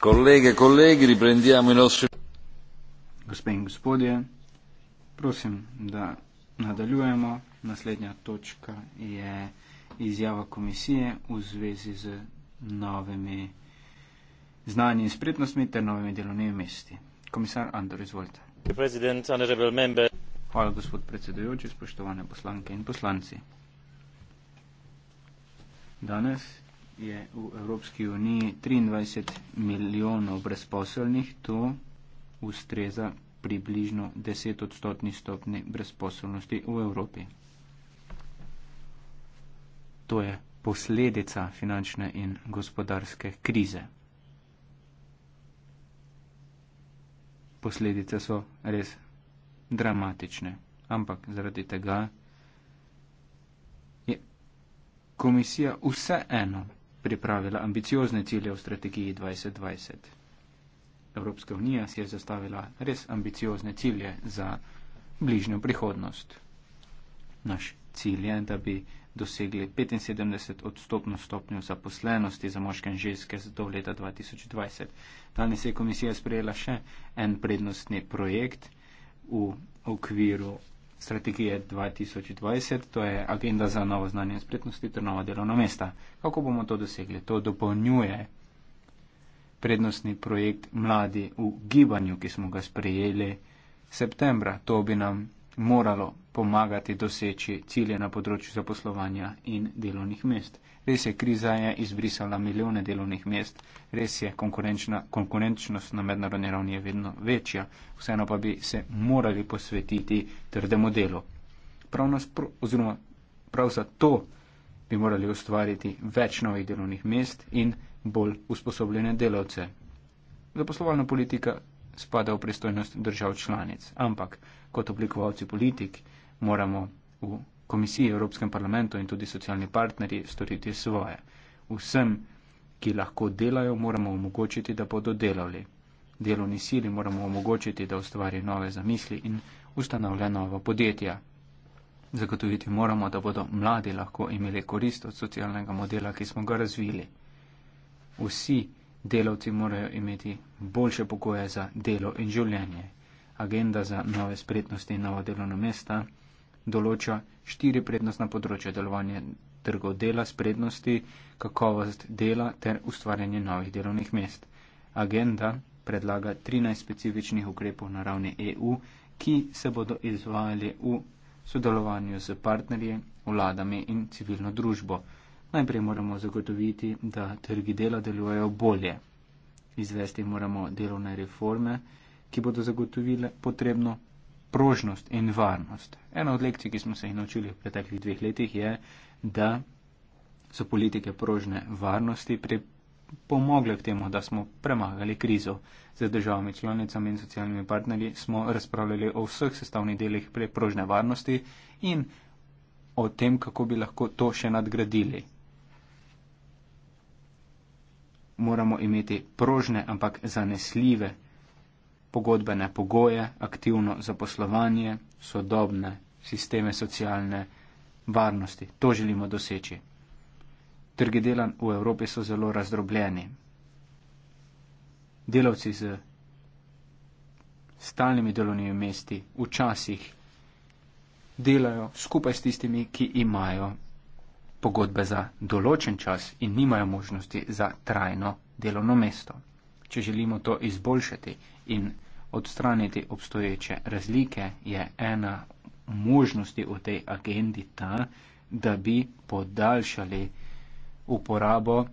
Kolege, kolegi, riprendiamo i nostri. Gospe in gospodje, prosim, da nadaljujemo. Naslednja točka je izjava komisije v zvezi z novimi znanji in spretnostmi ter novimi delovnimi mesti. Komisar Andor, izvolite. Hvala, gospod predsedujoči, spoštovane poslanke in poslanci. Danes je v Evropski uniji 23 milijonov brezposelnih, to ustreza približno 10 odstotni stopni brezposelnosti v Evropi. To je posledica finančne in gospodarske krize. Posledice so res dramatične, ampak zaradi tega je komisija vseeno pripravila ambiciozne cilje v strategiji 2020. Evropska unija si je zastavila res ambiciozne cilje za bližnjo prihodnost. Naš cilj je, da bi dosegli 75 odstotno stopnjo zaposlenosti za moške in ženske do leta 2020. Danes je komisija sprejela še en prednostni projekt v okviru strategije 2020, to je agenda za novo znanje in spretnosti ter nova delovna mesta. Kako bomo to dosegli? To dopolnjuje prednostni projekt Mladi v gibanju, ki smo ga sprejeli septembra. To bi nam moralo pomagati doseči cilje na področju zaposlovanja in delovnih mest. Res je, kriza je izbrisala milijone delovnih mest, res je, konkurenčnost na mednarodni ravni je vedno večja, vseeno pa bi se morali posvetiti trdemu delu. Prav, naspro, oziroma, prav za to bi morali ustvariti več novih delovnih mest in bolj usposobljene delavce. Zaposlovalna politika spada v pristojnost držav članic, ampak kot oblikovalci politik moramo v komisiji, Evropskem parlamentu in tudi socialni partnerji storiti svoje. Vsem, ki lahko delajo, moramo omogočiti, da bodo delali. Delovni sili moramo omogočiti, da ustvari nove zamisli in ustanavlja nova podjetja. Zagotoviti moramo, da bodo mladi lahko imeli korist od socialnega modela, ki smo ga razvili. Vsi delavci morajo imeti boljše pogoje za delo in življenje. Agenda za nove spretnosti in nova delovna mesta določa štiri prednostna področja delovanja trgov dela s prednosti, kakovost dela ter ustvarjanje novih delovnih mest. Agenda predlaga 13 specifičnih ukrepov na ravni EU, ki se bodo izvajali v sodelovanju z partnerji, vladami in civilno družbo. Najprej moramo zagotoviti, da trgi dela delujejo bolje. Izvesti moramo delovne reforme, ki bodo zagotovile potrebno prožnost in varnost. Ena od lekcij, ki smo se jih naučili v preteklih dveh letih, je, da so politike prožne varnosti pripomogle k temu, da smo premagali krizo. Z državami članicami in socialnimi partnerji smo razpravljali o vseh sestavnih delih prožne varnosti in o tem, kako bi lahko to še nadgradili. Moramo imeti prožne, ampak zanesljive pogodbene pogoje, aktivno zaposlovanje, sodobne sisteme socialne varnosti. To želimo doseči. Trgi dela v Evropi so zelo razdrobljeni. Delavci z stalnimi delovnimi mesti včasih delajo skupaj s tistimi, ki imajo pogodbe za določen čas in nimajo možnosti za trajno delovno mesto če želimo to izboljšati in odstraniti obstoječe razlike, je ena možnosti v tej agendi ta, da bi podaljšali uporabo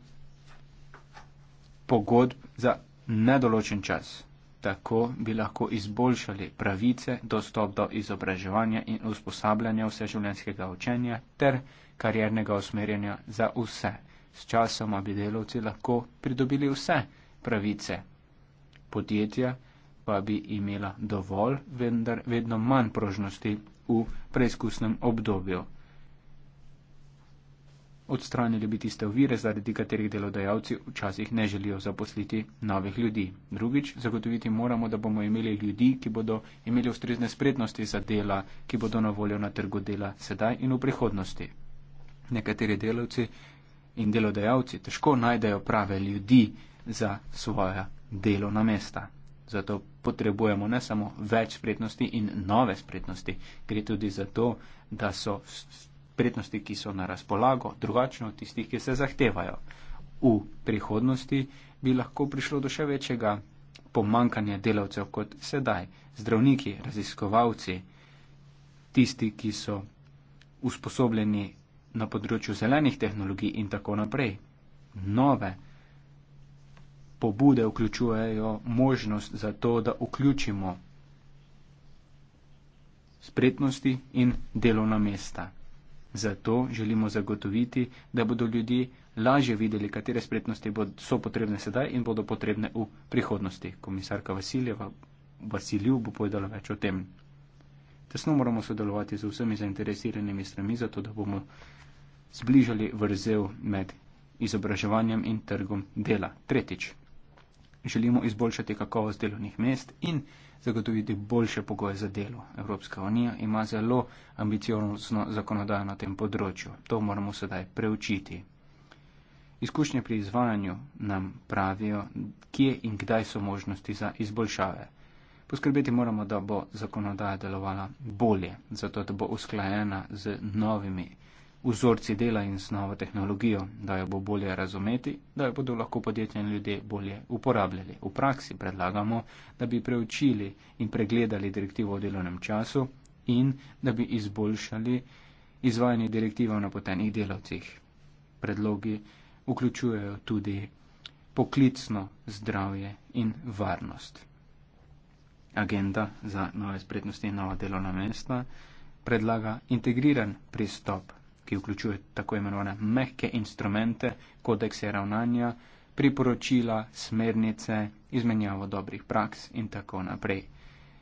pogodb za nedoločen čas. Tako bi lahko izboljšali pravice, dostop do izobraževanja in usposabljanja vseživljenjskega učenja ter kariernega usmerjanja za vse. S časoma bi delovci lahko pridobili vse, pravice. Podjetja pa bi imela dovolj, vendar vedno manj prožnosti v preizkusnem obdobju. Odstranili bi tiste ovire, zaradi katerih delodajalci včasih ne želijo zaposliti novih ljudi. Drugič, zagotoviti moramo, da bomo imeli ljudi, ki bodo imeli ustrezne spretnosti za dela, ki bodo na voljo na trgu dela sedaj in v prihodnosti. Nekateri delavci in delodajalci težko najdejo prave ljudi, za svoja delovna mesta. Zato potrebujemo ne samo več spretnosti in nove spretnosti, gre tudi za to, da so spretnosti, ki so na razpolago, drugačne od tistih, ki se zahtevajo. V prihodnosti bi lahko prišlo do še večjega pomankanja delavcev kot sedaj. Zdravniki, raziskovalci, tisti, ki so usposobljeni na področju zelenih tehnologij in tako naprej. Nove pobude vključujejo možnost za to, da vključimo spretnosti in delovna mesta. Zato želimo zagotoviti, da bodo ljudje lažje videli, katere spretnosti so potrebne sedaj in bodo potrebne v prihodnosti. Komisarka Vasiljeva Vasilju bo povedala več o tem. Tesno moramo sodelovati z vsemi zainteresiranimi strani, zato da bomo zbližali vrzel med izobraževanjem in trgom dela. Tretjič, želimo izboljšati kakovost delovnih mest in zagotoviti boljše pogoje za delo. Evropska unija ima zelo ambiciozno zakonodajo na tem področju. To moramo sedaj preučiti. Izkušnje pri izvajanju nam pravijo, kje in kdaj so možnosti za izboljšave. Poskrbeti moramo, da bo zakonodaja delovala bolje, zato da bo usklajena z novimi vzorci dela in z novo tehnologijo, da jo bo bolje razumeti, da jo bodo lahko podjetja in ljudje bolje uporabljali. V praksi predlagamo, da bi preučili in pregledali direktivo o delovnem času in da bi izboljšali izvajanje direktiva o napotenih delavcih. Predlogi vključujejo tudi poklicno zdravje in varnost. Agenda za nove spretnosti in nova delovna mesta predlaga integriran pristop ki vključuje tako imenovane mehke instrumente, kodekse ravnanja, priporočila, smernice, izmenjavo dobrih praks in tako naprej.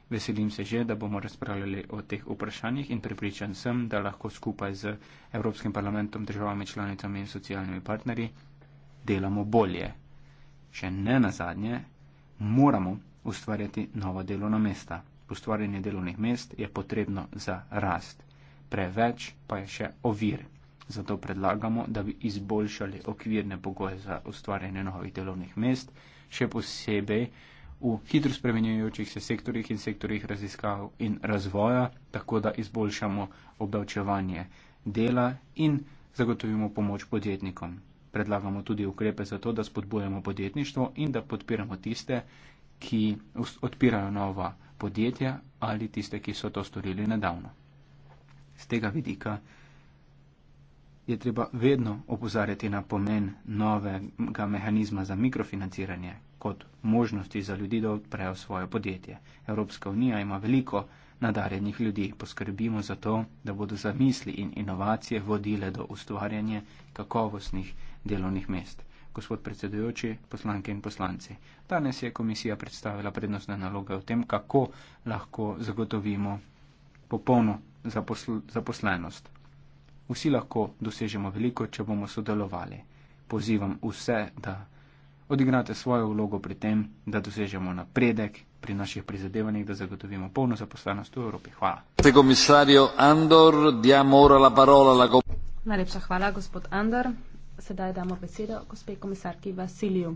Veselim se že, da bomo razpravljali o teh vprašanjih in pripričan sem, da lahko skupaj z Evropskim parlamentom, državami članicami in socialnimi partnerji delamo bolje. Še ne na zadnje, moramo ustvarjati nova delovna mesta. Ustvarjanje delovnih mest je potrebno za rast preveč pa je še ovir. Zato predlagamo, da bi izboljšali okvirne pogoje za ustvarjanje novih delovnih mest, še posebej v hitro spremenjujočih se sektorjih in sektorjih raziskav in razvoja, tako da izboljšamo obdavčevanje dela in zagotovimo pomoč podjetnikom. Predlagamo tudi ukrepe za to, da spodbujamo podjetništvo in da podpiramo tiste, ki odpirajo nova podjetja ali tiste, ki so to storili nedavno. Z tega vidika je treba vedno opozarjati na pomen novega mehanizma za mikrofinanciranje kot možnosti za ljudi, da odprejo svoje podjetje. Evropska unija ima veliko nadarjenih ljudi. Poskrbimo za to, da bodo zamisli in inovacije vodile do ustvarjanja kakovostnih delovnih mest. Gospod predsedujoči, poslanke in poslanci, danes je komisija predstavila prednostne naloge o tem, kako lahko zagotovimo popolno zaposl zaposlenost. Vsi lahko dosežemo veliko, če bomo sodelovali. Pozivam vse, da odigrate svojo vlogo pri tem, da dosežemo napredek pri naših prizadevanjih, da zagotovimo polno zaposlenost v Evropi. Hvala. Najlepša hvala, gospod Andor. Sedaj damo besedo gospe komisarki Vasiliju.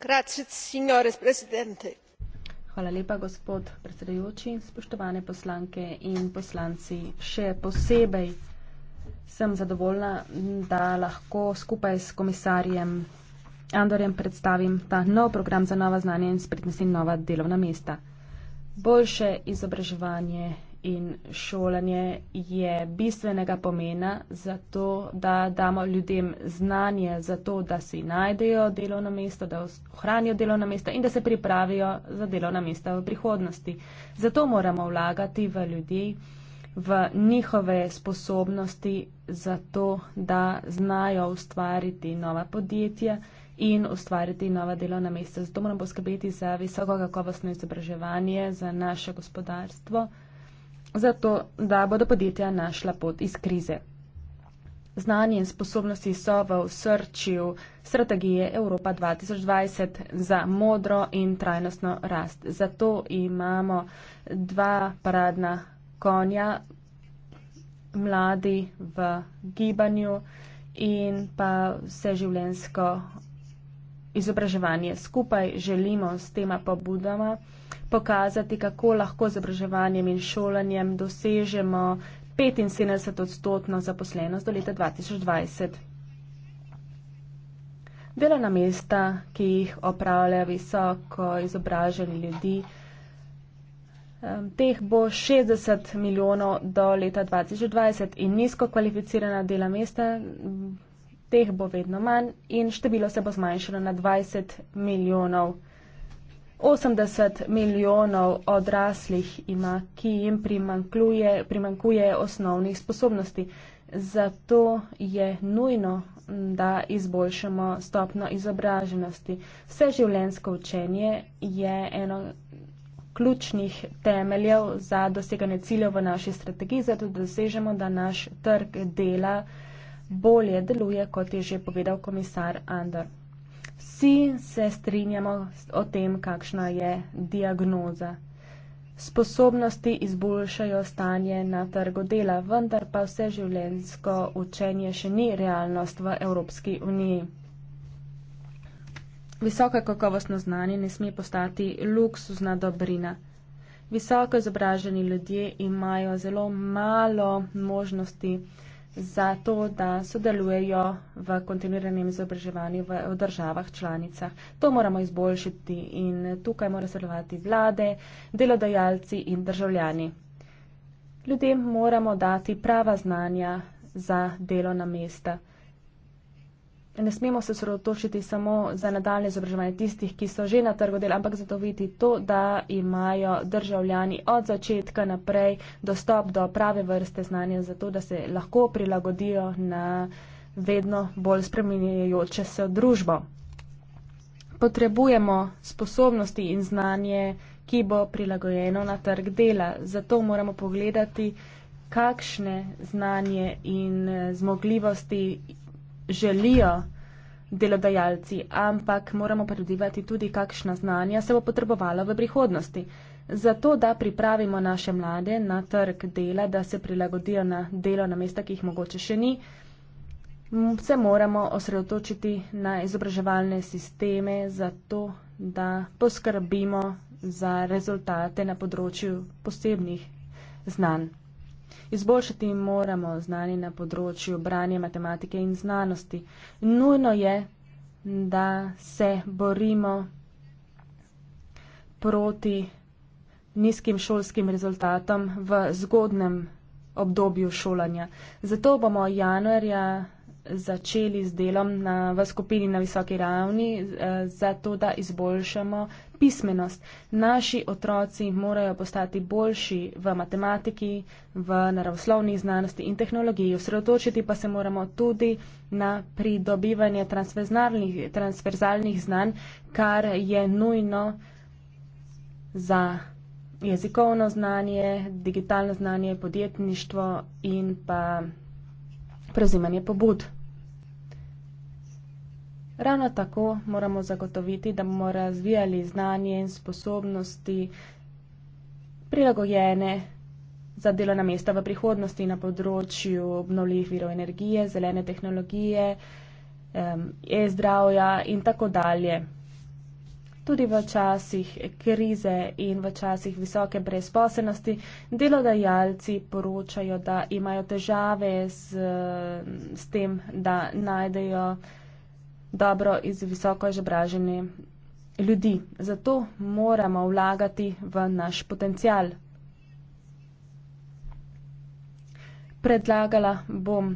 Grazie, signore presidente. Hvala lepa, gospod predsedujoči, spoštovane poslanke in poslanci. Še posebej sem zadovoljna, da lahko skupaj s komisarjem Andorjem predstavim ta nov program za nova znanja in spretnosti in nova delovna mesta. Boljše izobraževanje in šolanje je bistvenega pomena za to, da damo ljudem znanje za to, da si najdejo delovno mesto, da ohranijo delovno mesto in da se pripravijo za delovna mesta v prihodnosti. Zato moramo vlagati v ljudi, v njihove sposobnosti za to, da znajo ustvariti nova podjetja in ustvariti nova delovna mesta. Zato moramo poskrbeti za visoko kakovostno izobraževanje, za naše gospodarstvo zato da bodo podjetja našla pot iz krize. Znanje in sposobnosti so v osrčju strategije Evropa 2020 za modro in trajnostno rast. Zato imamo dva paradna konja, mladi v gibanju in pa vseživljensko izobraževanje. Skupaj želimo s tema pobudama pokazati, kako lahko z izobraževanjem in šolanjem dosežemo 75 odstotno zaposlenost do leta 2020. Delovna mesta, ki jih opravljajo visoko izobraženi ljudi, teh bo 60 milijonov do leta 2020 in nizko kvalificirana dela mesta teh bo vedno manj in število se bo zmanjšalo na 20 milijonov. 80 milijonov odraslih ima, ki jim primankuje, primankuje osnovnih sposobnosti. Zato je nujno, da izboljšamo stopno izobraženosti. Vseživljensko učenje je eno ključnih temeljev za doseganje ciljev v naši strategiji, zato da dosežemo, da naš trg dela bolje deluje, kot je že povedal komisar Andor. Vsi se strinjamo o tem, kakšna je diagnoza. Sposobnosti izboljšajo stanje na trgu dela, vendar pa vse življensko učenje še ni realnost v Evropski uniji. Visoka kakovostno znanje ne sme postati luksuzna dobrina. Visoko izobraženi ljudje imajo zelo malo možnosti, za to, da sodelujejo v kontinuiranem izobraževanju v, v državah članicah. To moramo izboljšiti in tukaj morajo sodelovati vlade, delodajalci in državljani. Ljudem moramo dati prava znanja za delo na mesta ne smemo se sredotočiti samo za nadaljne izobraževanje tistih, ki so že na trgu dela, ampak zato videti to, da imajo državljani od začetka naprej dostop do prave vrste znanja, zato da se lahko prilagodijo na vedno bolj spreminjajoče se družbo. Potrebujemo sposobnosti in znanje, ki bo prilagojeno na trg dela. Zato moramo pogledati, kakšne znanje in zmogljivosti želijo delodajalci, ampak moramo predvidevati tudi, kakšna znanja se bo potrebovala v prihodnosti. Zato, da pripravimo naše mlade na trg dela, da se prilagodijo na delo na mesta, ki jih mogoče še ni, se moramo osredotočiti na izobraževalne sisteme, zato da poskrbimo za rezultate na področju posebnih znanj. Izboljšati moramo znanje na področju branja matematike in znanosti. Nujno je, da se borimo proti nizkim šolskim rezultatom v zgodnem obdobju šolanja. Zato bomo januarja začeli z delom na, v skupini na visoki ravni, eh, zato da izboljšamo pismenost. Naši otroci morajo postati boljši v matematiki, v naravoslovnih znanosti in tehnologiji. Osredotočiti pa se moramo tudi na pridobivanje transverzalnih znanj, kar je nujno za jezikovno znanje, digitalno znanje, podjetništvo in pa prevzimanje pobud. Ravno tako moramo zagotoviti, da bomo razvijali znanje in sposobnosti prilagojene za delo na mesta v prihodnosti na področju obnovljivih virov energije, zelene tehnologije, e-zdravja in tako dalje. Tudi v časih krize in v časih visoke brezposelnosti delodajalci poročajo, da imajo težave s, s tem, da najdejo dobro iz visoko izobraženi ljudi. Zato moramo vlagati v naš potencial. Predlagala bom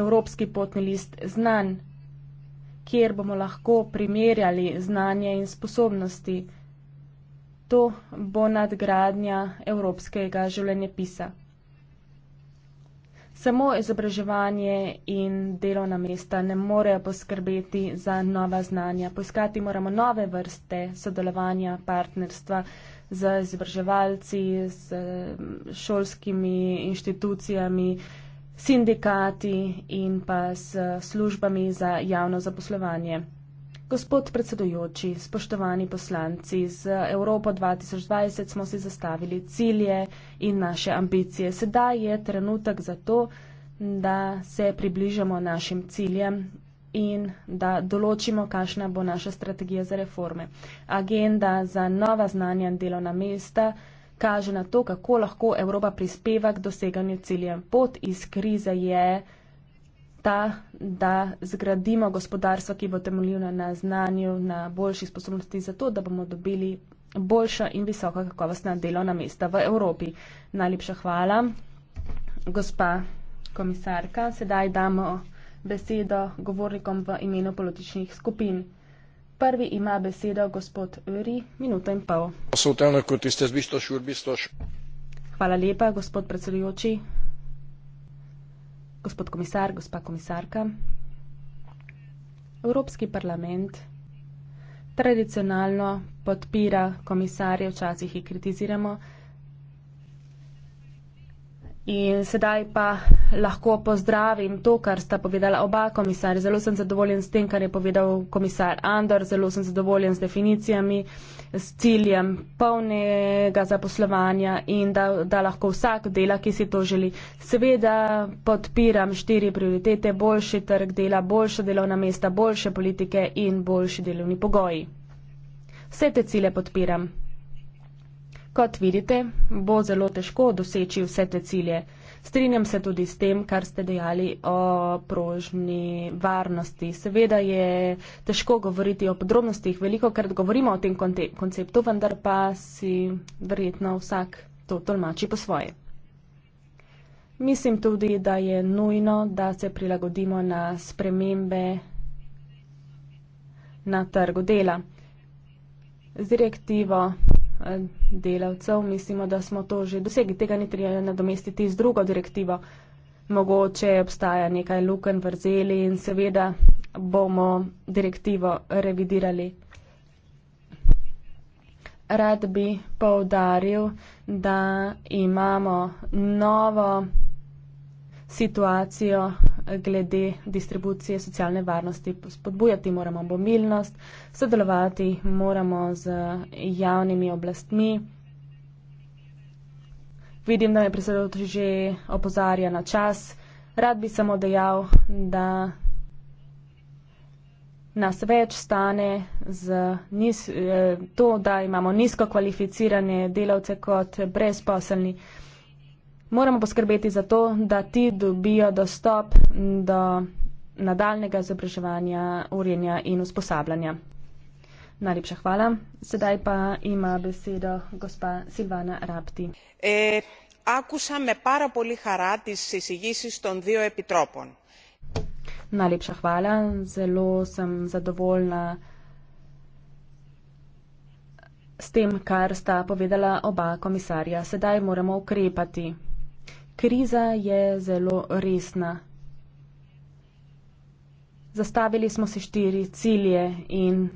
Evropski potni list znanj, kjer bomo lahko primerjali znanje in sposobnosti. To bo nadgradnja evropskega življenjepisa. Samo izobraževanje in delovna mesta ne morejo poskrbeti za nova znanja. Poiskati moramo nove vrste sodelovanja, partnerstva z izobraževalci, z mm, šolskimi inštitucijami, sindikati in pa s službami za javno zaposlovanje. Gospod predsedujoči, spoštovani poslanci, z Evropo 2020 smo si zastavili cilje in naše ambicije. Sedaj je trenutek za to, da se približamo našim ciljem in da določimo, kakšna bo naša strategija za reforme. Agenda za nova znanja in delovna mesta kaže na to, kako lahko Evropa prispeva k doseganju ciljev. Pot iz krize je ta, da zgradimo gospodarstvo, ki bo temeljilo na znanju, na boljši sposobnosti za to, da bomo dobili boljša in visoka kakovostna delovna mesta v Evropi. Najlepša hvala, gospa komisarka. Sedaj damo besedo govornikom v imenu političnih skupin. Prvi ima besedo gospod Uri, minuto in pol. Hvala lepa, gospod predsedujoči gospod komisar, gospa komisarka. Evropski parlament tradicionalno podpira komisarje, včasih jih kritiziramo, In sedaj pa lahko pozdravim to, kar sta povedala oba komisarja. Zelo sem zadovoljen s tem, kar je povedal komisar Andor, zelo sem zadovoljen s definicijami, s ciljem polnega zaposlovanja in da, da lahko vsak dela, ki si to želi. Seveda podpiram štiri prioritete, boljši trg dela, boljša delovna mesta, boljše politike in boljši delovni pogoji. Vse te cilje podpiram. Kot vidite, bo zelo težko doseči vse te cilje. Strinjam se tudi s tem, kar ste dejali o prožni varnosti. Seveda je težko govoriti o podrobnostih, veliko krat govorimo o tem konceptu, vendar pa si verjetno vsak to tolmači po svoje. Mislim tudi, da je nujno, da se prilagodimo na spremembe na trgu dela. Z direktivo delavcev. Mislimo, da smo to že dosegli. Tega ni treba nadomestiti z drugo direktivo. Mogoče obstaja nekaj luken vrzeli in seveda bomo direktivo revidirali. Rad bi povdaril, da imamo novo situacijo glede distribucije socialne varnosti. Spodbujati moramo mobilnost, sodelovati moramo z javnimi oblastmi. Vidim, da me predsedujoči že opozarja na čas. Rad bi samo dejal, da nas več stane z nis, eh, to, da imamo nizko kvalificirane delavce kot brezposelni. Moramo poskrbeti za to, da ti dobijo dostop do nadaljnega izobraževanja, urjenja in usposabljanja. Najlepša hvala. Sedaj pa ima besedo gospa Silvana Rapti. E, akusa me para poli harati s izsigisi ston dvijo epitropon. Najlepša hvala. Zelo sem zadovoljna s tem, kar sta povedala oba komisarja. Sedaj moramo ukrepati. Kriza je zelo resna. Zastavili smo si štiri cilje in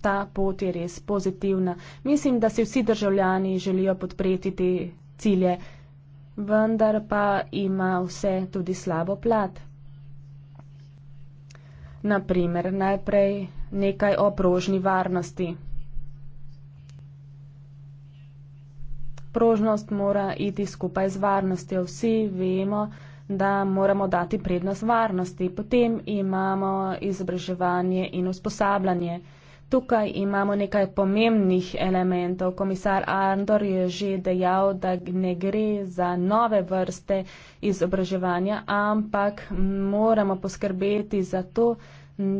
ta pot je res pozitivna. Mislim, da si vsi državljani želijo podpreti te cilje, vendar pa ima vse tudi slabo plat. Naprimer, najprej nekaj o prožni varnosti. prožnost mora iti skupaj z varnostjo. Vsi vemo, da moramo dati prednost varnosti. Potem imamo izobraževanje in usposabljanje. Tukaj imamo nekaj pomembnih elementov. Komisar Andor je že dejal, da ne gre za nove vrste izobraževanja, ampak moramo poskrbeti za to,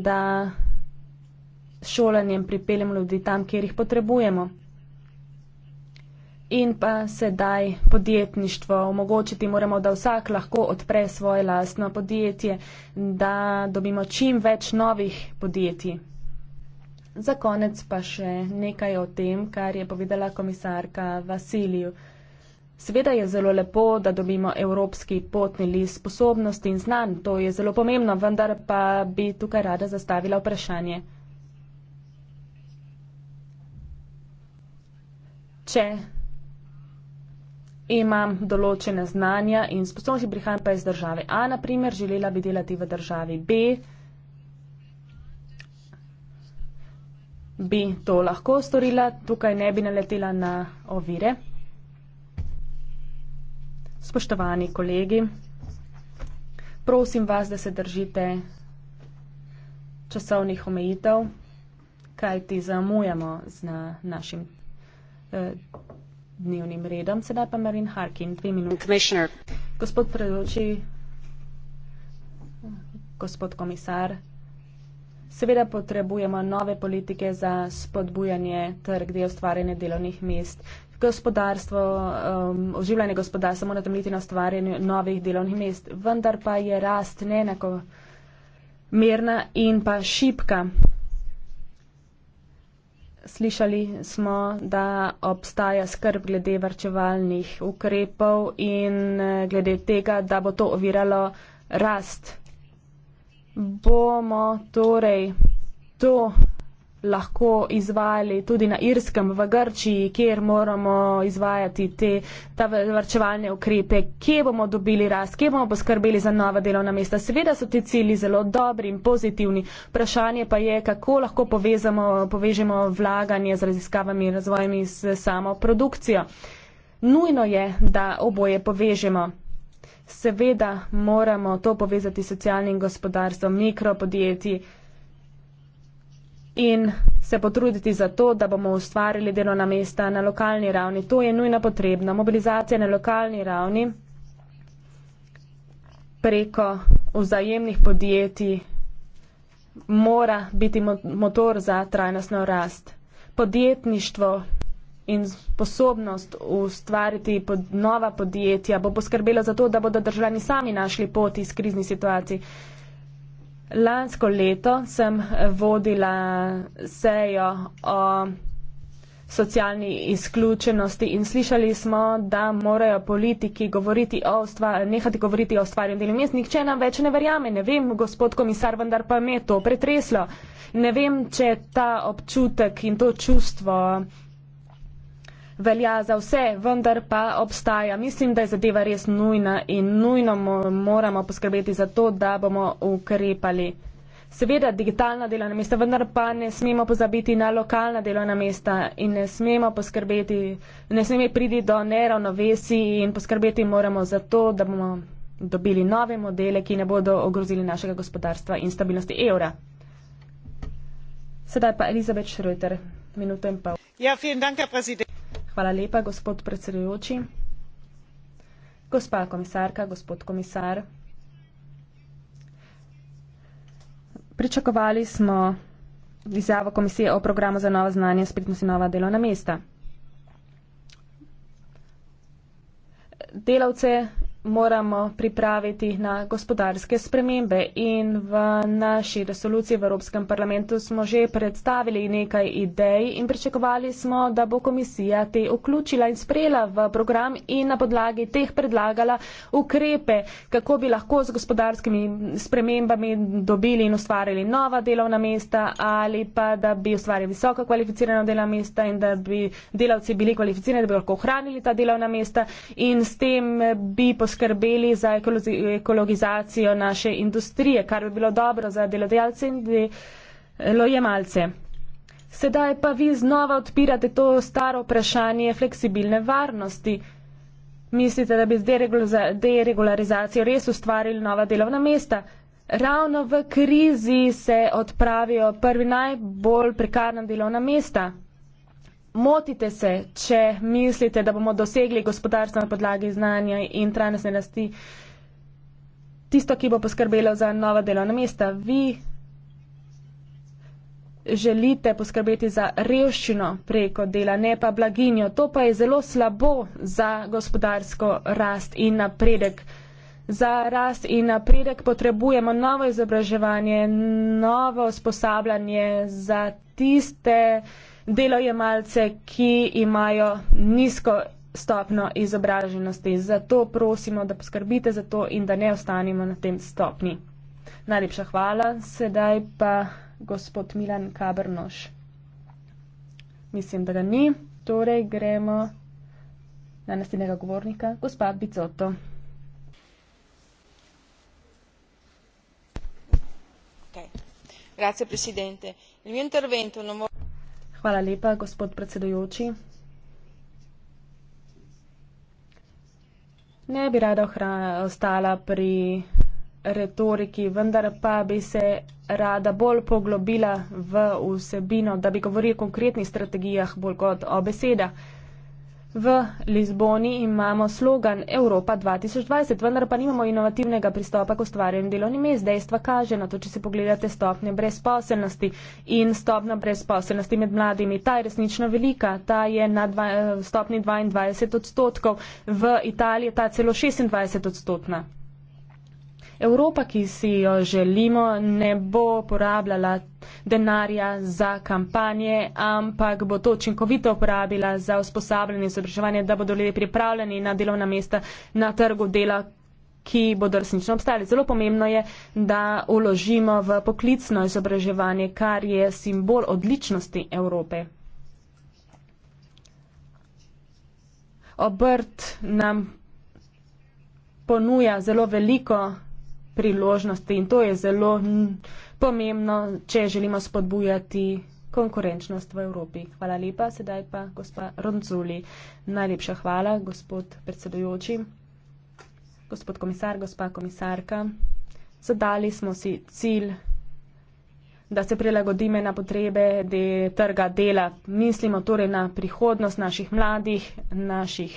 da šolanjem pripeljemo ljudi tam, kjer jih potrebujemo in pa sedaj podjetništvo. Omogočiti moramo, da vsak lahko odpre svoje lastno podjetje, da dobimo čim več novih podjetij. Za konec pa še nekaj o tem, kar je povedala komisarka Vasiliju. Sveda je zelo lepo, da dobimo evropski potni list sposobnosti in znanj, to je zelo pomembno, vendar pa bi tukaj rada zastavila vprašanje. Če imam določene znanja in sposobnosti, prihajam pa iz države A, naprimer, želela bi delati v državi B, bi to lahko storila, tukaj ne bi naletela na ovire. Spoštovani kolegi, prosim vas, da se držite časovnih omejitev, kaj ti zamujamo z na našim. Eh, dnevnim redom. Sedaj pa Marin Harkin, dve minute. Commissioner. Gospod predloči, gospod komisar, seveda potrebujemo nove politike za spodbujanje trg del stvarjene delovnih mest. Gospodarstvo, um, oživljanje gospodarstva mora temeljiti na stvarjenju novih delovnih mest, vendar pa je rast neenako merna in pa šipka slišali smo, da obstaja skrb glede varčevalnih ukrepov in eh, glede tega, da bo to oviralo rast. Bomo torej to lahko izvajali tudi na Irskem, v Grčiji, kjer moramo izvajati te, ta vrčevalne ukrepe, kje bomo dobili rast, kje bomo poskrbeli za nova delovna mesta. Seveda so ti cilji zelo dobri in pozitivni. Vprašanje pa je, kako lahko povezamo, povežemo vlaganje z raziskavami in razvojami s samo produkcijo. Nujno je, da oboje povežemo. Seveda moramo to povezati s socialnim gospodarstvom, mikropodjetji, in se potruditi za to, da bomo ustvarili delovna mesta na lokalni ravni. To je nujna potrebna. Mobilizacija na lokalni ravni preko vzajemnih podjetij mora biti motor za trajnostno rast. Podjetništvo in sposobnost ustvariti pod nova podjetja bo poskrbelo za to, da bodo državljani sami našli pot iz kriznih situacij. Lansko leto sem vodila sejo o socialni izključenosti in slišali smo, da morajo politiki govoriti o ustvar, nehati govoriti o ustvarjanju delovnih mest. Nihče nam več ne verjame, ne vem, gospod komisar, vendar pa me to pretreslo. Ne vem, če ta občutek in to čustvo velja za vse, vendar pa obstaja. Mislim, da je zadeva res nujna in nujno moramo poskrbeti za to, da bomo ukrepali. Seveda digitalna delovna mesta, vendar pa ne smemo pozabiti na lokalna delovna mesta in ne smemo poskrbeti, ne smemo priti do neravnovesi in poskrbeti moramo za to, da bomo dobili nove modele, ki ne bodo ogrozili našega gospodarstva in stabilnosti evra. Sedaj pa Elizabeth Schröter, minuto in pol. Ja, vielen Dank, Herr Präsident. Hvala lepa, gospod predsedujoči. Gospa komisarka, gospod komisar. Pričakovali smo izjavo komisije o programu za nova znanja, spritnost in nova delovna mesta. Delavce moramo pripraviti na gospodarske spremembe in v naši resoluciji v Evropskem parlamentu smo že predstavili nekaj idej in pričakovali smo, da bo komisija te vključila in sprejela v program in na podlagi teh predlagala ukrepe, kako bi lahko z gospodarskimi spremembami dobili in ustvarili nova delovna mesta ali pa da bi ustvarili visoko kvalificirano delovna mesta in da bi delavci bili kvalificirani, da bi lahko ohranili ta delovna mesta in s tem bi poslušali poskrbeli za ekologizacijo naše industrije, kar bi bilo dobro za delodajalce in delojemalce. Sedaj pa vi znova odpirate to staro vprašanje fleksibilne varnosti. Mislite, da bi z deregularizacijo res ustvarili nova delovna mesta? Ravno v krizi se odpravijo prvi najbolj prekarna delovna mesta. Motite se, če mislite, da bomo dosegli gospodarstvo na podlagi znanja in trajnostne rasti, tisto, ki bo poskrbelo za nova delovna mesta. Vi želite poskrbeti za revščino preko dela, ne pa blaginjo. To pa je zelo slabo za gospodarsko rast in napredek. Za rast in napredek potrebujemo novo izobraževanje, novo usposabljanje za tiste, ki delojemalce, ki imajo nizko stopno izobraženosti. Zato prosimo, da poskrbite za to in da ne ostanemo na tem stopni. Najlepša hvala. Sedaj pa gospod Milan Kabrnoš. Mislim, da ga ni. Torej gremo na naslednjega govornika, gospa Bicoto. Okay. Grazie, Presidente. Il mio intervento non vuole... Hvala lepa, gospod predsedujoči. Ne bi rada ostala pri retoriki, vendar pa bi se rada bolj poglobila v vsebino, da bi govorila o konkretnih strategijah bolj kot o besedah. V Lizboni imamo slogan Evropa 2020, vendar pa nimamo inovativnega pristopa k ustvarjanju delovnih mest. Dejstva kaže na to, če si pogledate stopnje brezposelnosti in stopna brezposelnosti med mladimi. Ta je resnično velika, ta je na dva, eh, stopni 22 odstotkov, v Italiji je ta celo 26 odstotna. Evropa, ki si jo želimo, ne bo porabljala denarja za kampanje, ampak bo to učinkovito uporabila za usposabljanje in izobraževanje, da bodo ljudje pripravljeni na delovna mesta na trgu dela ki bodo resnično obstali. Zelo pomembno je, da uložimo v poklicno izobraževanje, kar je simbol odličnosti Evrope. Obrt nam ponuja zelo veliko priložnosti in to je zelo m, pomembno, če želimo spodbujati konkurenčnost v Evropi. Hvala lepa, sedaj pa gospa Ronculi. Najlepša hvala, gospod predsedujoči, gospod komisar, gospa komisarka. Zadali smo si cilj, da se prilagodime na potrebe de, trga dela. Mislimo torej na prihodnost naših mladih, naših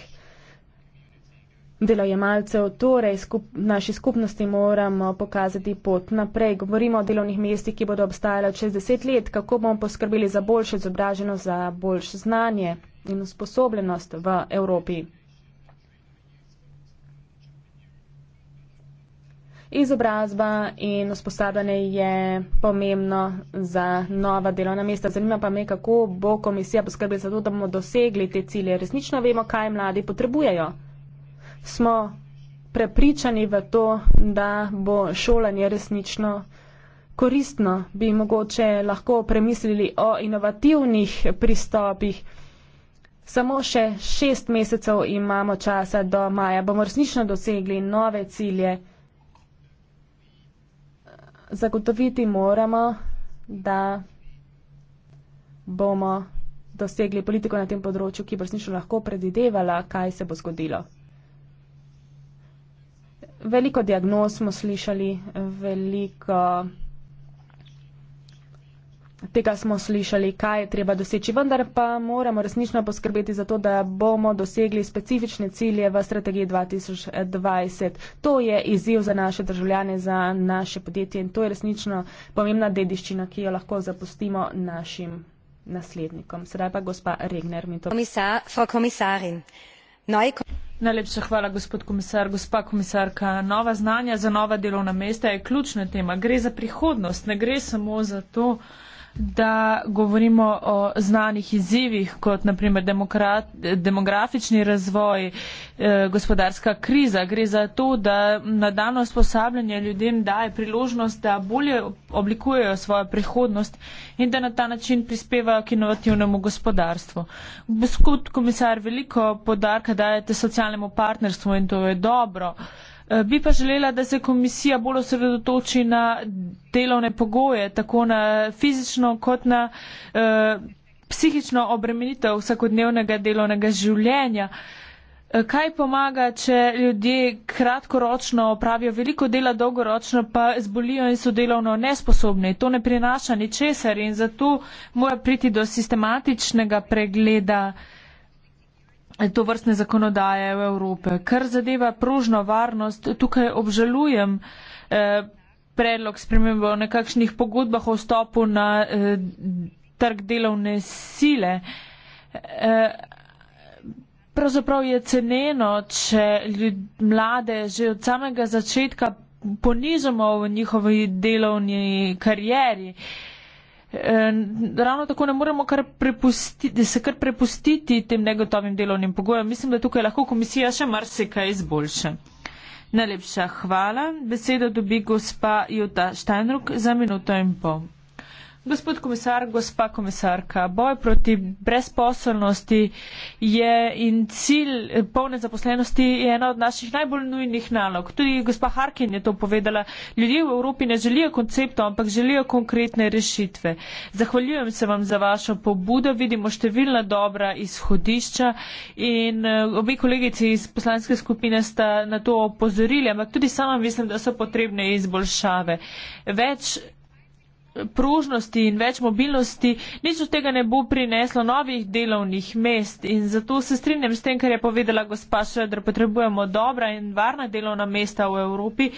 delojemalcev, torej skup, naši skupnosti moramo pokazati pot naprej. Govorimo o delovnih mestih, ki bodo obstajala čez deset let, kako bomo poskrbeli za boljše izobraženo, za boljše znanje in usposobljenost v Evropi. Izobrazba in usposabljanje je pomembno za nova delovna mesta. Zanima pa me, kako bo komisija poskrbela za to, da bomo dosegli te cilje. Resnično vemo, kaj mladi potrebujejo smo prepričani v to, da bo šolanje resnično koristno. Bi mogoče lahko premislili o inovativnih pristopih. Samo še šest mesecev imamo časa do maja. Bomo resnično dosegli nove cilje. Zagotoviti moramo, da bomo dosegli politiko na tem področju, ki bo resnično lahko predvidevala, kaj se bo zgodilo veliko diagnoz smo slišali, veliko tega smo slišali, kaj je treba doseči, vendar pa moramo resnično poskrbeti za to, da bomo dosegli specifične cilje v strategiji 2020. To je izziv za naše državljane, za naše podjetje in to je resnično pomembna dediščina, ki jo lahko zapustimo našim naslednikom. Sedaj pa gospa Regner mi to. Komisar, Najlepša hvala, gospod komisar. Gospa komisarka, nova znanja za nova delovna mesta je ključna tema. Gre za prihodnost, ne gre samo za to, uh, da govorimo o znanih izzivih, kot naprimer demografični razvoj, eh, gospodarska kriza. Gre za to, da nadaljno sposabljanje ljudem daje priložnost, da bolje oblikujejo svojo prihodnost in da na ta način prispeva k inovativnemu gospodarstvu. Gospod komisar, veliko podarka dajete socialnemu partnerstvu in to je dobro. Eh, bi pa želela, da se komisija bolj osredotoči na delovne pogoje, tako na fizično kot na eh, psihično obremenitev vsakodnevnega delovnega življenja. Eh, kaj pomaga, če ljudje kratkoročno opravijo veliko dela, dolgoročno pa zbolijo in so delovno nesposobni? To ne prinaša ničesar in zato mora priti do sistematičnega pregleda eh, to vrstne zakonodaje v Evrope. Kar zadeva pružno varnost, tukaj obžalujem eh, predlog spremembe o nekakšnih pogodbah o stopu na eh, trg delovne sile. Eh, pravzaprav je ceneno, če mlade že od samega začetka ponižamo v njihovi delovni karieri. Uh, Eh, ravno tako ne moremo kar se kar prepustiti tem negotovim delovnim pogojem. Mislim, da tukaj lahko komisija še marsikaj izboljša. Najlepša hvala. Besedo dobi gospa Jota Štajnruk za minuto in pol. Gospod komisar, gospa komisarka, boj proti brezposobnosti je in cilj polne zaposlenosti je ena od naših najbolj nujnih nalog. Tudi gospa Harkin je to povedala. Ljudje v Evropi ne želijo konceptov, ampak želijo konkretne rešitve. Zahvaljujem se vam za vašo pobudo. Vidimo številna dobra izhodišča in eh, obi kolegici iz poslanske skupine sta na to opozorili, ampak tudi sama mislim, da so potrebne izboljšave. Več prožnosti in več mobilnosti, nič od tega ne bo prineslo novih delovnih mest in zato se strinjam s tem, kar je povedala gospa Šeder, potrebujemo dobra in varna delovna mesta v Evropi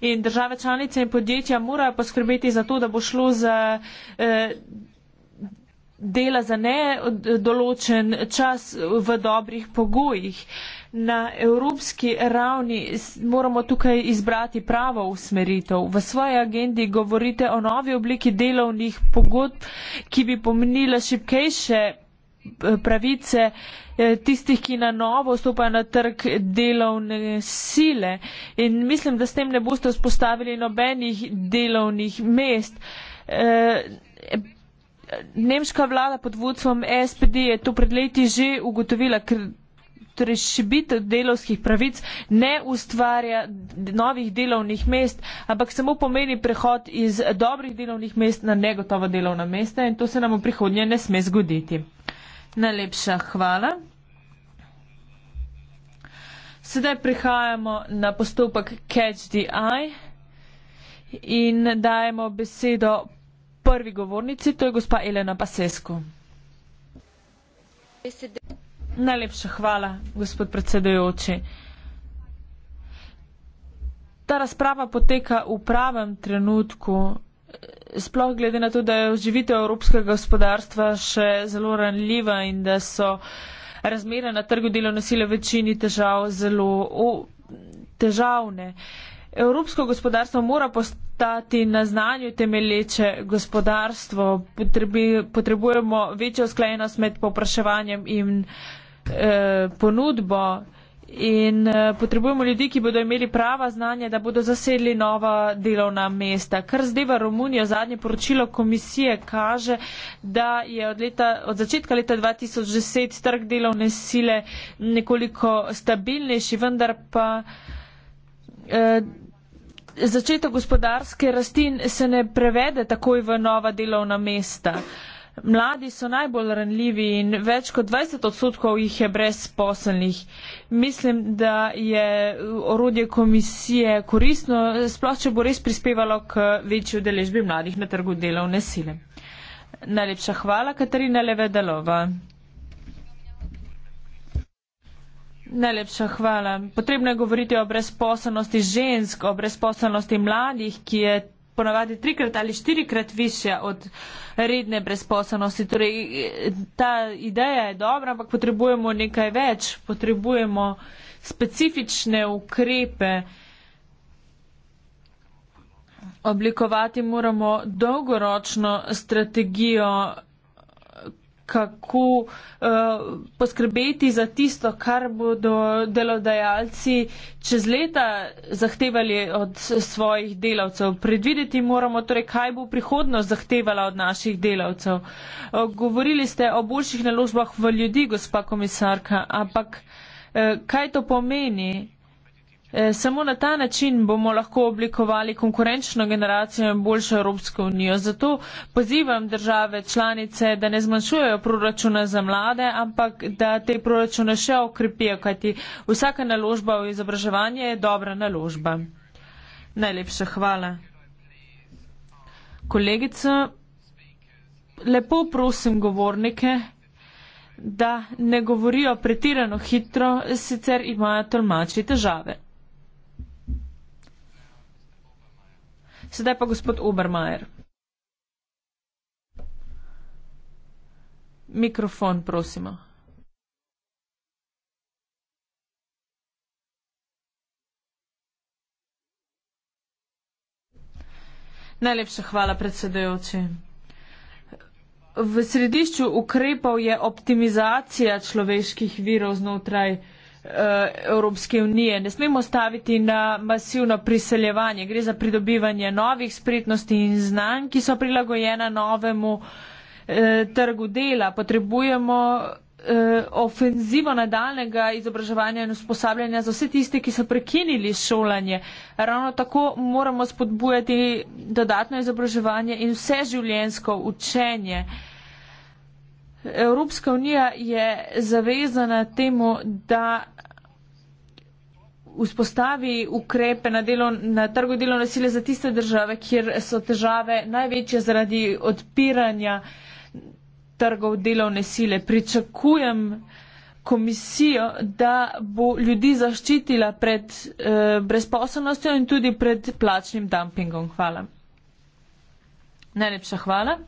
in države članice in podjetja morajo poskrbeti za to, da bo šlo za eh, dela za nedoločen čas v dobrih pogojih. Eh, na evropski ravni moramo tukaj izbrati pravo usmeritev. V svoji agendi govorite o novi obliki delovnih pogodb, ki bi pomenila šipkejše eh, pravice eh, tistih, ki na novo vstopajo na trg delovne sile. In mislim, da s tem ne boste vzpostavili nobenih delovnih mest. Eh, nemška vlada pod vodstvom SPD je to pred leti že ugotovila, ker torej šibitev delovskih pravic ne ustvarja novih delovnih mest, ampak samo pomeni prehod iz dobrih delovnih mest na negotovo delovna mesta in to se nam v prihodnje ne sme zgoditi. Najlepša hvala. Sedaj prihajamo na postopek Catch the Eye in dajemo besedo prvi govornici, to je gospa Elena Pasesko. Besede. Najlepša hvala, gospod predsedujoči. Ta razprava poteka v pravem trenutku, sploh glede na to, da je oživitev evropskega gospodarstva še zelo ranljiva in da so razmere na trgu delovne sile večini težav zelo o, težavne. Evropsko gospodarstvo mora postati na znanju temelječe gospodarstvo. Potrebi, potrebujemo večjo sklenost med popraševanjem in Eh, ponudbo in eh, potrebujemo ljudi, ki bodo imeli prava znanja, da bodo zasedli nova delovna mesta. Kar zdeva Romunijo, zadnje poročilo komisije kaže, da je od, leta, od začetka leta 2010 trg delovne sile nekoliko stabilnejši, vendar pa. Eh, začetek gospodarske rasti se ne prevede takoj v nova delovna mesta. Uh, Mladi so najbolj ranljivi in več kot 20 odstotkov jih je brezposelnih. Mislim, da je uh, orodje komisije koristno, sploh če bo res prispevalo k večji udeležbi mladih na trgu delovne sile. Najlepša hvala, Katarina Levedalova. Najlepša hvala. Potrebno je govoriti o brezposelnosti žensk, o brezposelnosti mladih, ki je ponavadi trikrat ali štirikrat više od redne brezposobnosti. Torej, ta ideja je dobra, ampak potrebujemo nekaj več, potrebujemo specifične ukrepe. Oblikovati moramo dolgoročno strategijo kako uh, poskrbeti za tisto, kar bodo delodajalci čez leta zahtevali od svojih delavcev. Predvideti moramo torej, kaj bo prihodnost zahtevala od naših delavcev. Uh, govorili ste o boljših naložbah v ljudi, gospa komisarka, ampak uh, kaj to pomeni? Eh, samo na ta način bomo lahko oblikovali konkurenčno generacijo in boljšo Evropsko unijo. Zato pozivam države članice, da ne zmanjšujejo proračuna za mlade, ampak da te proračune še okrepijo, kajti vsaka naložba v izobraževanje je dobra naložba. Najlepša hvala. Kolegica, lepo prosim govornike, da ne govorijo pretirano hitro, sicer imajo tolmači težave. Sedaj pa gospod Obermajer. Mikrofon, prosimo. Najlepša hvala, predsedujoči. V središču ukrepov je optimizacija človeških virov znotraj Eh, Evropske unije. Ne smemo staviti na masivno priseljevanje, gre za pridobivanje novih spretnosti in znanj, ki so prilagojena novemu eh, trgu dela. Potrebujemo eh, ofenzivo nadaljnega izobraževanja in usposabljanja za vse tiste, ki so prekinili šolanje. Ravno tako moramo spodbujati dodatno izobraževanje in vseživljensko učenje. Uh, Evropska unija je zavezana temu, da vzpostavi ukrepe na, delo, na trgu delovne sile za tiste države, kjer so težave največje zaradi odpiranja trgov delovne sile. Pričakujem komisijo, da bo ljudi zaščitila pred eh, brezposobnostjo in tudi pred plačnim dumpingom. Hvala. Najlepša hvala.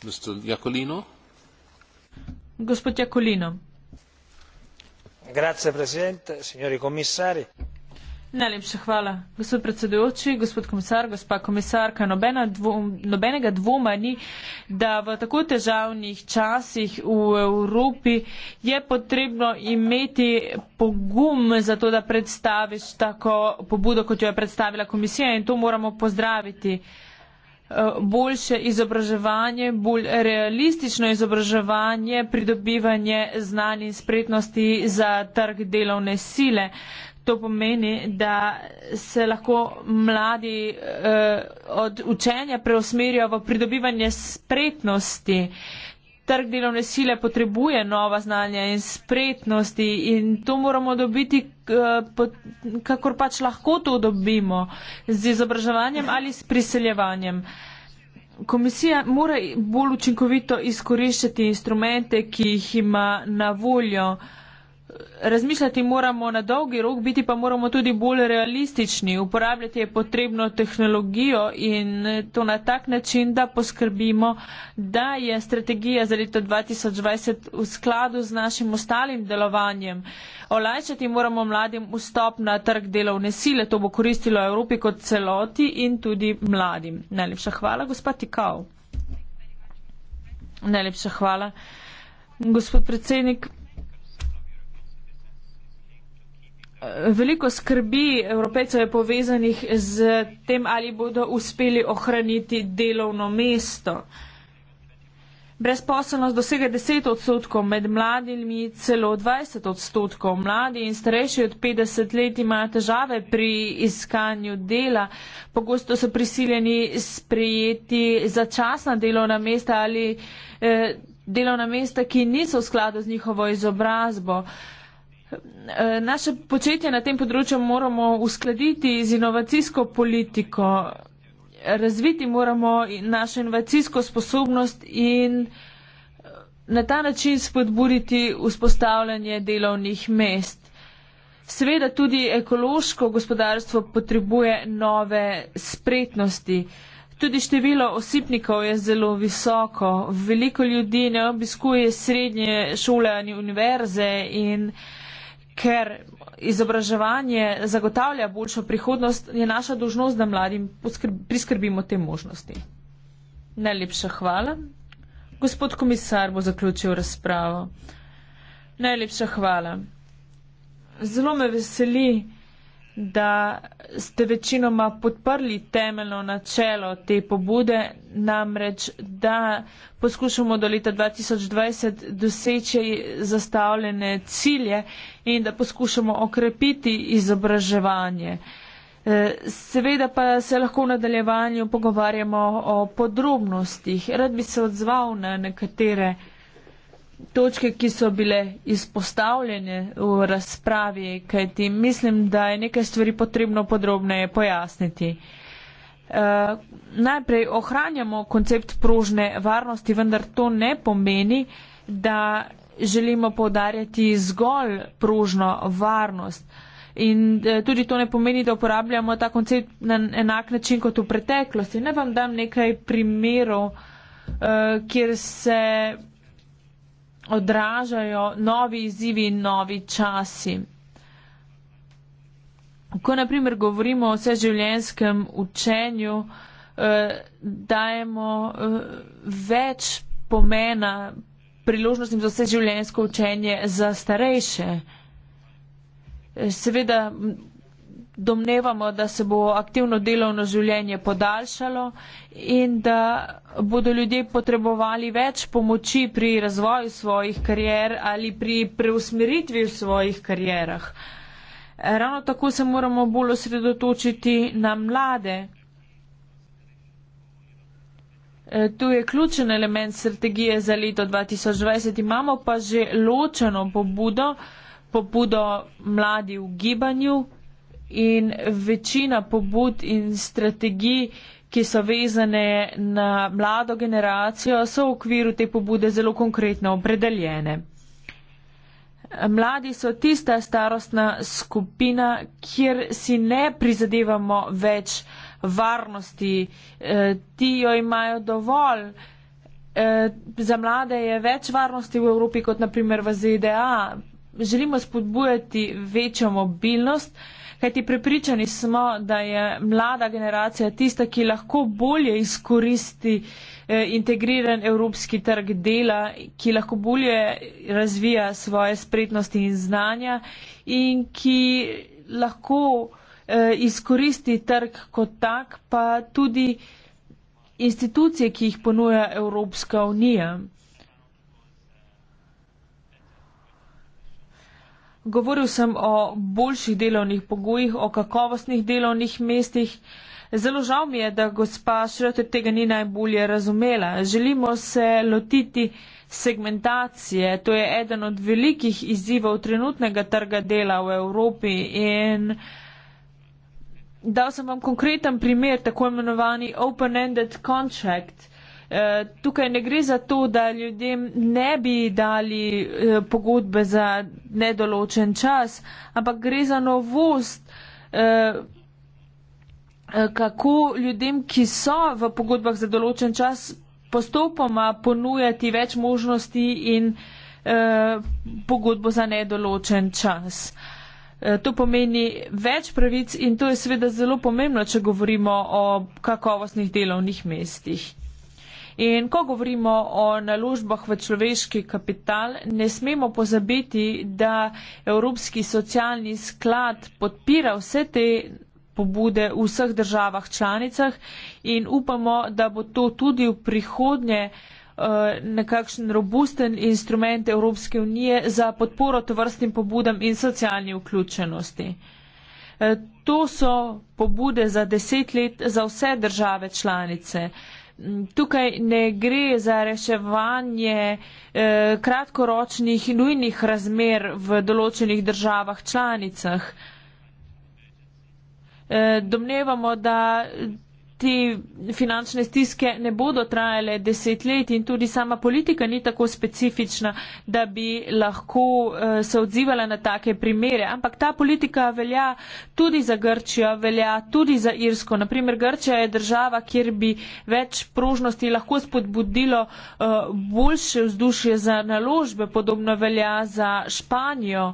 gospod predsedujoči gospod komisar gospa komisarka nobenega dvoma ni da v tako težavnih časih v Evropi je potrebno imeti pogum za to, da predstaviš tako pobudo, kot jo je predstavila komisija in to moramo pozdraviti boljše izobraževanje, bolj realistično izobraževanje, pridobivanje znanj in spretnosti za trg delovne sile. To pomeni, da se lahko mladi eh, od učenja preusmerijo v pridobivanje spretnosti. Eh, trg delovne sile potrebuje nova znanja in spretnosti in to moramo dobiti, eh, kakor pač lahko to dobimo, z izobraževanjem ali s priseljevanjem. Komisija mora bolj učinkovito izkoriščati instrumente, ki jih ima na voljo. Uh, Razmišljati moramo na dolgi rok, biti pa moramo tudi bolj realistični. Uporabljati je potrebno tehnologijo in to na tak način, da poskrbimo, da je strategija za leto 2020 v skladu z našim ostalim delovanjem. Olajšati moramo mladim vstop na trg delovne sile. To bo koristilo Evropi kot celoti in tudi mladim. Najlepša hvala, gospod Tikal. Najlepša hvala, gospod predsednik. Veliko skrbi evropejcev je povezanih z tem, ali bodo uspeli ohraniti delovno mesto. Brezposelnost dosega 10 odstotkov, med mladimi celo 20 odstotkov. Mladi in starejši od 50 let imajo težave pri iskanju dela. Pogosto so prisiljeni sprejeti začasna delovna mesta ali eh, delovna mesta, ki niso v skladu z njihovo izobrazbo. Eh, Eh, naše početje na tem področju moramo uskladiti z inovacijsko politiko. Razviti moramo našo inovacijsko sposobnost in eh, na ta način spodbuditi vzpostavljanje delovnih mest. Seveda tudi ekološko gospodarstvo potrebuje nove spretnosti. Tudi število osipnikov je zelo visoko. Veliko ljudi ne obiskuje srednje šole ali univerze in ker izobraževanje zagotavlja boljšo prihodnost, je naša dožnost, da mladim priskrbimo te možnosti. Najlepša hvala. Gospod komisar bo zaključil razpravo. Najlepša hvala. Zelo me veseli, da da ste večinoma podprli temeljno načelo te pobude, namreč da poskušamo do leta 2020 doseči zastavljene cilje in da poskušamo okrepiti izobraževanje. E, seveda pa se lahko v nadaljevanju pogovarjamo o podrobnostih. Rad bi se odzval na nekatere točke, ki so bile izpostavljene v razpravi, kajti mislim, da je nekaj stvari potrebno podrobneje pojasniti. E, najprej ohranjamo koncept prožne varnosti, vendar to ne pomeni, da želimo povdarjati zgolj prožno varnost. In eh, tudi to ne pomeni, da uporabljamo ta koncept na enak način kot v preteklosti. Naj vam dam nekaj primerov, eh, kjer se odražajo novi izzivi in novi časi. Ko naprimer govorimo o vseživljenjskem učenju, eh, dajemo eh, več pomena priložnostim za vseživljenjsko učenje za starejše. Eh, seveda domnevamo, da se bo aktivno delovno življenje podaljšalo in da bodo ljudje potrebovali več pomoči pri razvoju svojih karier ali pri preusmeritvi v svojih karierah. Ravno tako se moramo bolj osredotočiti na mlade. E, tu je ključen element strategije za leto 2020. Imamo pa že ločeno pobudo, pobudo mladi v gibanju, in večina pobud in strategij, ki so vezane na mlado generacijo, so v okviru te pobude zelo konkretno opredeljene. Mladi so tista starostna skupina, kjer si ne prizadevamo več varnosti. E, ti jo imajo dovolj. E, za mlade je več varnosti v Evropi kot naprimer v ZDA. Želimo spodbujati večjo mobilnost kajti pripričani smo, da je mlada generacija tista, ki lahko bolje izkoristi eh, integriran evropski trg dela, ki lahko bolje razvija svoje spretnosti in znanja in ki lahko eh, izkoristi trg kot tak, pa tudi institucije, ki jih ponuja Evropska unija. Govoril sem o boljših delovnih pogojih, o kakovostnih delovnih mestih. Zelo žal mi je, da gospa Šrotr tega ni najbolje razumela. Želimo se lotiti segmentacije. To je eden od velikih izzivov trenutnega trga dela v Evropi in dal sem vam konkreten primer, tako imenovani open-ended contract. Uh, Eh, tukaj ne gre za to, da ljudem ne bi dali eh, pogodbe za nedoločen čas, ampak gre za novost, eh, kako ljudem, ki so v pogodbah za določen čas, postopoma ponujati več možnosti in pogodbo za nedoločen čas. To pomeni več pravic in to je seveda zelo pomembno, če govorimo o kakovostnih delovnih mestih. In ko govorimo o naložbah v človeški kapital, ne smemo pozabiti, da Evropski socialni sklad podpira vse te pobude v vseh državah članicah in upamo, da bo to tudi v prihodnje eh, nekakšen robusten instrument Evropske unije za podporo tovrstnim pobudam in socialni vključenosti. Eh, to so pobude za deset let za vse države članice tukaj ne gre za reševanje eh, kratkoročnih in nujnih razmer v določenih državah članicah. Eh, domnevamo, da te finančne stiske ne bodo trajale deset let in tudi sama politika ni tako specifična, da bi lahko eh, se odzivala na take primere. Ampak ta politika velja tudi za Grčijo, velja tudi za Irsko. Naprimer, Grčija je država, kjer bi več prožnosti lahko spodbudilo eh, boljše vzdušje za naložbe, podobno velja za Španijo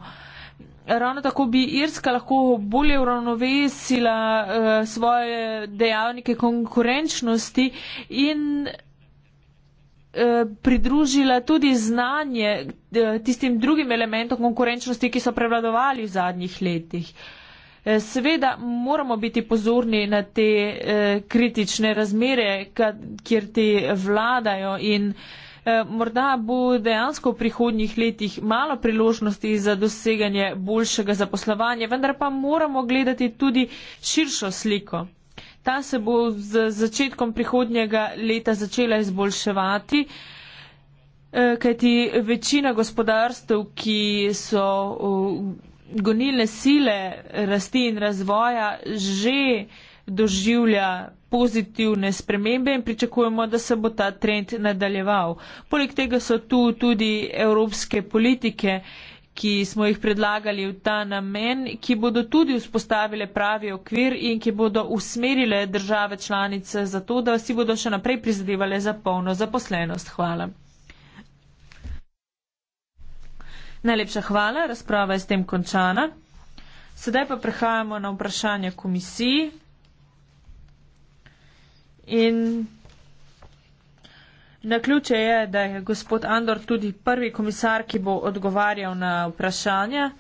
ravno tako bi Irska lahko bolje uravnovesila uh, svoje dejavnike konkurenčnosti in eh, pridružila tudi znanje eh, tistim drugim elementom konkurenčnosti, ki so prevladovali v zadnjih letih. Seveda moramo biti pozorni na te kritične razmere, kjer ti vladajo in eh, Eh, morda bo dejansko v prihodnjih letih malo priložnosti za doseganje boljšega zaposlovanja, vendar pa moramo gledati tudi širšo sliko. Ta se bo z začetkom prihodnjega leta začela izboljševati, eh, kajti večina gospodarstv, ki so gonilne sile rasti in razvoja, že doživlja pozitivne spremembe in pričakujemo, da se bo ta trend nadaljeval. Poleg tega so tu tudi evropske politike, ki smo jih predlagali v ta namen, ki bodo tudi vzpostavile pravi okvir in ki bodo usmerile države članice za to, da si bodo še naprej prizadevale za polno zaposlenost. Hvala. Najlepša hvala, razprava je s tem končana. Sedaj pa prehajamo na vprašanje komisiji. In na ključe je, da je gospod Andor tudi prvi komisar, ki bo odgovarjal na vprašanja.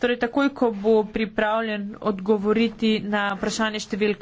Torej, takoj, ko bo pripravljen odgovoriti na vprašanje številka